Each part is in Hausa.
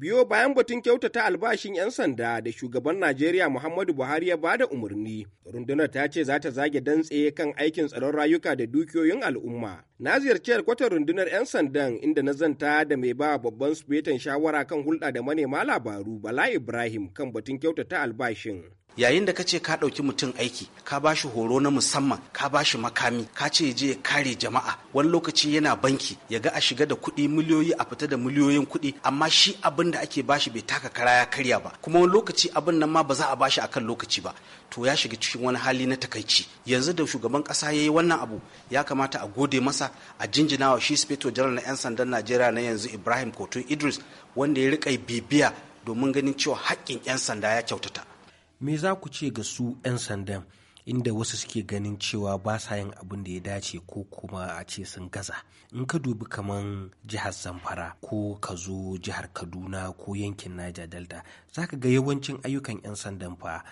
biyo bayan batun kyautata albashin 'yan sanda da shugaban Najeriya Muhammadu Buhari ya bada umarni. Rundunar ta ce za ta zage dantse kan aikin tsaron rayuka da dukiyoyin al'umma. Na ziyarci kwatar rundunar 'yan sandan inda na zanta da mai ba babban sufetan shawara kan hulɗa da manema labaru Bala Ibrahim kan batun kyautata albashin. yayin da ka ce ka ɗauki mutum aiki ka bashi horo na musamman ka bashi makami ka ce je ya kare jama'a wani lokaci yana banki ya ga a shiga da kuɗi miliyoyi a fita da miliyoyin kuɗi amma shi abin da ake bashi bai taka kara ya karya ba kuma wani lokaci abin nan ma ba za a bashi akan lokaci ba to ya shiga cikin wani hali na takaici yanzu da shugaban ƙasa ya yi wannan abu ya kamata a gode masa a jinjina wa shi speto janar na 'yan sandan najeriya na yanzu ibrahim kotun idris wanda ya riƙa bibiya domin ganin cewa haƙƙin 'yan sanda ya kyautata me za ku ce ga su 'yan sandan inda wasu suke ganin cewa ba sa yin abin da ya dace ko kuma a ce sun gaza in ka dubi kamar jihar zamfara ko ka zo jihar kaduna ko yankin naja delta za ga yawancin ayyukan 'yan sandan fa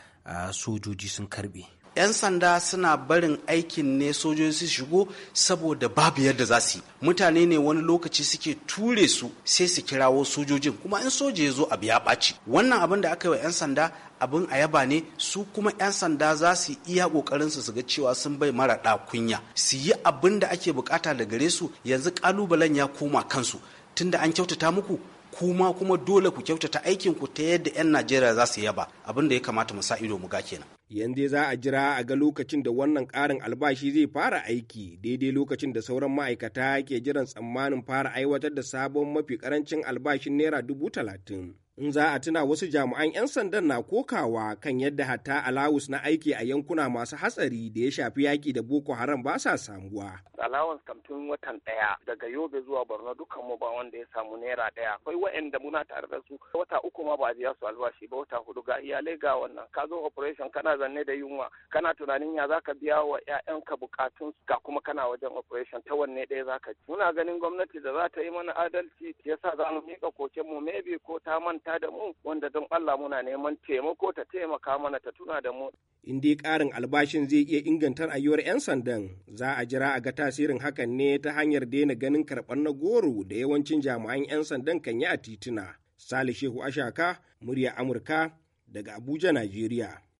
sojoji sun karbe 'yan sanda suna barin aikin ne sojoji su shigo saboda babu yadda za su yi mutane ne wani lokaci suke ture su sai su kirawo sojojin kuma in soja ya zo abu ya ɓaci wannan abin da aka yi wa 'yan sanda abin a yaba ne su kuma 'yan sanda za su iya ƙoƙarin su ga cewa sun bai mara ɗa kunya su yi abin da ake bukata da gare su yanzu kalubalen ya koma kansu tunda an kyautata muku kuma kuma dole ku kyautata aikinku ta yadda 'yan najeriya za su yaba abin da ya kamata mu sa ido mu ga kenan yanzu za a jira a ga lokacin da wannan ƙarin albashi zai fara aiki daidai lokacin da sauran ma'aikata ke jiran tsammanin fara aiwatar da sabon mafi ƙarancin albashin naira dubu talatin. In za a tuna wasu jami'an 'yan sandan na kokawa kan yadda hatta alawus na aiki a yankuna masu hatsari da ya shafi yaƙi da Boko Haram ba sa samuwa. allowance kam tun watan daya. daga yobe zuwa borno dukkan mu ba wanda ya samu naira daya. akwai wa'anda muna tare da su wata uku ma ba a biya su albashi ba wata hudu ga iyalai ga wannan ka zo operation kana zanne da yunwa kana tunanin ya zaka biya wa ƴaƴanka bukatun ga kuma kana wajen operation ta wanne ɗaya zaka ci muna ganin gwamnati da za ta yi mana adalci yasa za mu miƙa koken mu maybe ko ta manta da mu wanda don Allah muna neman taimako ta taimaka mana ta tuna da mu in dai ƙarin albashin zai iya inganta rayuwar 'yan sandan za a jira a ga tasirin hakan ne ta hanyar daina ganin karɓar na goro da yawancin jami'an 'yan sandan kan yi a tituna. Sale Shehu Ashaka, murya Amurka, daga Abuja, Najeriya.